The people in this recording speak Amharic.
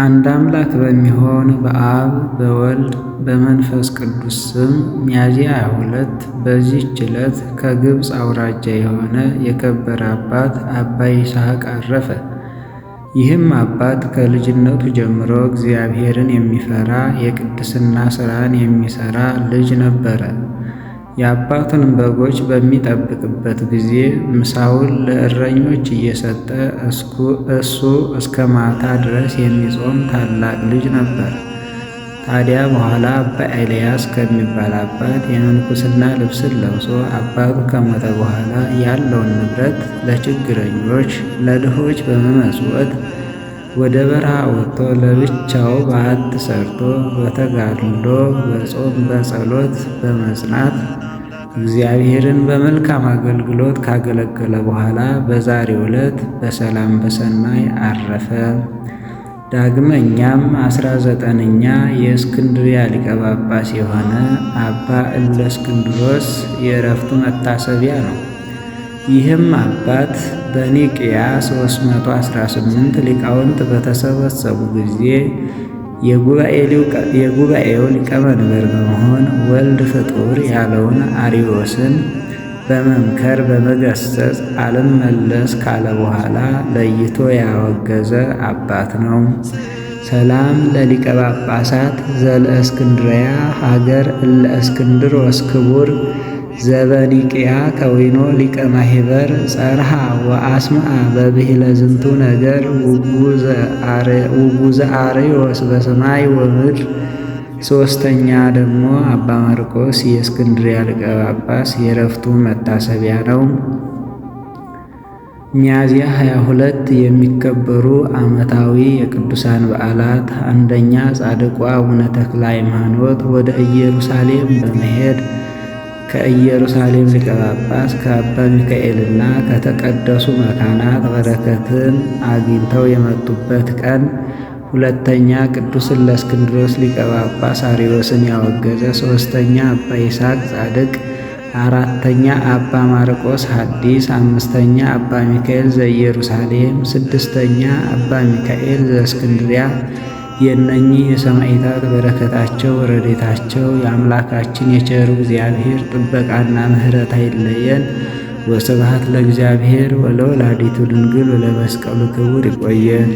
አንድ አምላክ በሚሆን በአብ በወልድ በመንፈስ ቅዱስ ስም ሚያዝያ 22 ሁለት በዚህች ዕለት ከግብፅ አውራጃ የሆነ የከበረ አባት አባ ይስሐቅ አረፈ። ይህም አባት ከልጅነቱ ጀምሮ እግዚአብሔርን የሚፈራ የቅድስና ሥራን የሚሠራ ልጅ ነበረ። የአባቱንም በጎች በሚጠብቅበት ጊዜ ምሳውን ለእረኞች እየሰጠ እሱ እስከ ማታ ድረስ የሚጾም ታላቅ ልጅ ነበር። ታዲያ በኋላ አባ ኤልያስ ከሚባል አባት የምንኩስና ልብስን ለብሶ አባቱ ከሞተ በኋላ ያለውን ንብረት ለችግረኞች፣ ለድሆች በመመጽወት ወደ በረሃ ወጥቶ ለብቻው በዓት ሰርቶ በተጋድሎ በጾም በጸሎት በመጽናት እግዚአብሔርን በመልካም አገልግሎት ካገለገለ በኋላ በዛሬው ዕለት በሰላም በሰናይ አረፈ። ዳግመኛም አስራ ዘጠነኛ የእስክንድሪያ ሊቀ ጳጳስ የሆነ አባ እለስክንድሮስ የእረፍቱ መታሰቢያ ነው። ይህም አባት በኒቅያ 318 ሊቃውንት በተሰበሰቡ ጊዜ የጉባኤው ሊቀመንበር በመሆን ወልድ ፍጡር ያለውን አሪዎስን በመምከር በመገሰጽ መለስ ካለ በኋላ ለይቶ ያወገዘ አባት ነው። ሰላም ለሊቀ ጳጳሳት ዘለእስክንድርያ ሀገር እለእስክንድሮስ ክቡር ዘበኒቅያ ከዊኖ ሊቀ ማሄበር ጸርሃ ወአስምዐ በብሂለ ዝንቱ ነገር ውጉዘ አርዮስ በሰማይ ወምድር። ሶስተኛ ደግሞ አባ ማርቆስ የእስክንድሪያ ሊቀ ጳጳስ የረፍቱ መታሰቢያ ነው። ሚያዝያ 22 የሚከበሩ ዓመታዊ የቅዱሳን በዓላት፣ አንደኛ ጻድቋ አቡነ ተክለ ሃይማኖት ወደ ኢየሩሳሌም በመሄድ ከኢየሩሳሌም ሊቀ ጳጳስ ከአባ ሚካኤልና ከተቀደሱ መካናት በረከትን አግኝተው የመጡበት ቀን ሁለተኛ ቅዱስ እለእስክንድሮስ ሊቀ ጳጳስ አርዮስን ያወገዘ፣ ሦስተኛ አባ ይስሐቅ ጻድቅ፣ አራተኛ አባ ማርቆስ ሐዲስ፣ አምስተኛ አባ ሚካኤል ዘኢየሩሳሌም፣ ስድስተኛ አባ ሚካኤል ዘእስክንድሪያ የእነኚህ የሰማዕታት በረከታቸው ረዴታቸው የአምላካችን የቸሩ እግዚአብሔር ጥበቃና ምሕረት አይለየን። ወስብሐት ለእግዚአብሔር ወለወላዲቱ ድንግል ወለመስቀሉ ክቡር። ይቆየን።